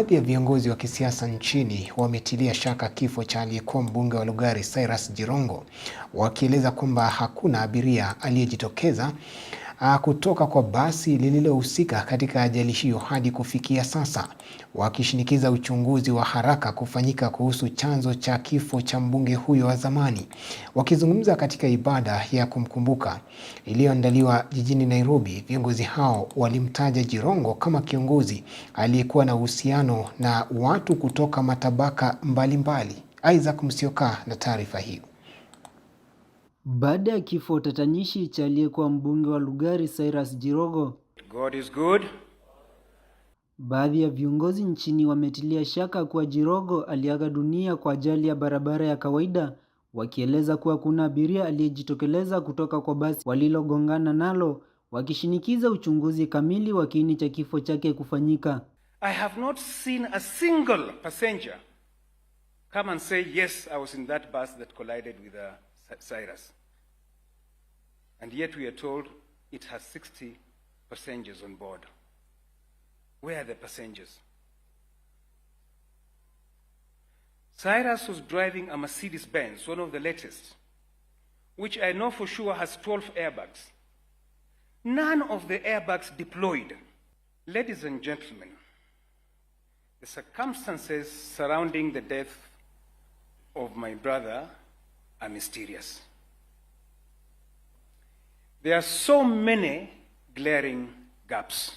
Baadhi ya viongozi wa kisiasa nchini wametilia shaka kifo cha aliyekuwa mbunge wa Lugari Cyrus Jirongo wakieleza kwamba hakuna abiria aliyejitokeza Ah, kutoka kwa basi lililohusika katika ajali hiyo hadi kufikia sasa, wakishinikiza uchunguzi wa haraka kufanyika kuhusu chanzo cha kifo cha mbunge huyo wa zamani. Wakizungumza katika ibada ya kumkumbuka iliyoandaliwa jijini Nairobi, viongozi hao walimtaja Jirongo kama kiongozi aliyekuwa na uhusiano na watu kutoka matabaka mbalimbali mbali. Isaac Msioka na taarifa hiyo baada ya kifo tatanishi cha aliyekuwa mbunge wa Lugari Cyrus Jirogo. God is good. Baadhi ya viongozi nchini wametilia shaka kuwa Jirogo aliaga dunia kwa ajali ya barabara ya kawaida, wakieleza kuwa kuna abiria aliyejitokeleza kutoka kwa basi walilogongana nalo, wakishinikiza uchunguzi kamili wa kiini cha kifo chake kufanyika. I have not seen a single passenger come and say yes I was in that bus that collided with a Cyrus. And yet we are told it has 60 passengers on board. Where are the passengers? Cyrus was driving a Mercedes Benz, one of the latest, which I know for sure has 12 airbags. None of the airbags deployed. Ladies and gentlemen, the circumstances surrounding the death of my brother are mysterious. There are so many glaring gaps.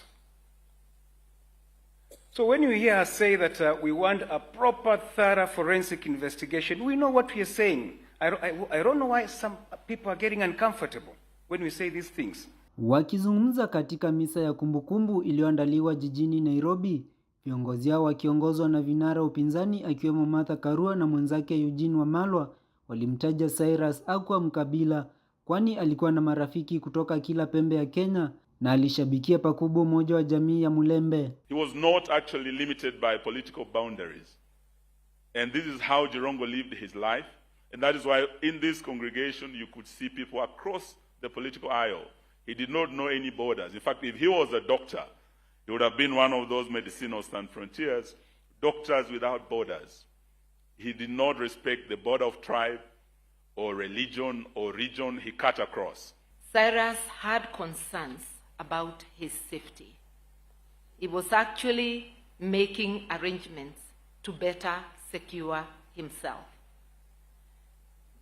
So when you hear us say that uh, we want a proper, thorough forensic investigation, we know what we are saying. I, I, I don't know why some people are getting uncomfortable when we say these things. Wakizungumza katika misa ya kumbukumbu iliyoandaliwa jijini Nairobi, viongozi hao wakiongozwa na vinara upinzani akiwemo Martha Karua na mwenzake Eugene Wamalwa Walimtaja Cyrus Aqua mkabila, kwani alikuwa na marafiki kutoka kila pembe ya Kenya na alishabikia pakubwa umoja wa jamii ya Mulembe. He was not actually limited by political boundaries. And this is how Jirongo lived his life. And that is why in this congregation you could see people across the political aisle. He did not know any borders. In fact, if he was a doctor, he would have been one of those medicinal stand frontiers, doctors without borders. He did not respect the border of tribe or religion or region he cut across. Cyrus had concerns about his safety. He was actually making arrangements to better secure himself.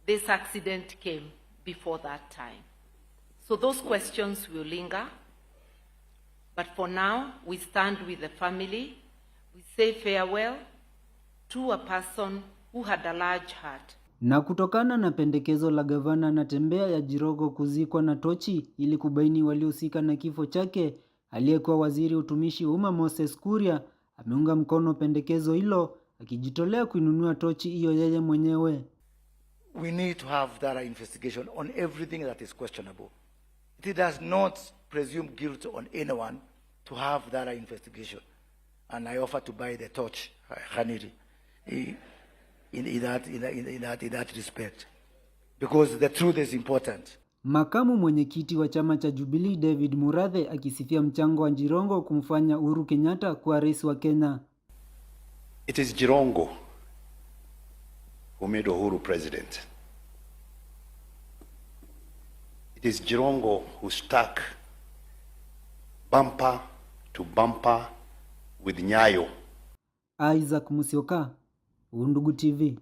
This accident came before that time. So those questions will linger. But for now, we stand with the family. We say farewell to a person who had a large heart. Na kutokana na pendekezo la gavana Natembeya ya Jirogo kuzikwa na tochi ili kubaini waliohusika na kifo chake, aliyekuwa waziri utumishi wa umma Moses Kuria ameunga mkono pendekezo hilo akijitolea kuinunua tochi hiyo yeye mwenyewe. We need to have investigation on everything that is questionable. It does not presume guilt on anyone to have investigation. And I offer to buy the torch, Khaniri in, in, that, in, in, in, that, in that respect because the truth is important. Makamu mwenyekiti wa chama cha Jubilee David Murathe akisifia mchango wa Jirongo kumfanya Uhuru Kenyatta kuwa rais wa Kenya. It is Jirongo who made Uhuru president. It is Jirongo who stuck bumper to bumper with Nyayo. Isaac Musioka Undugu TV.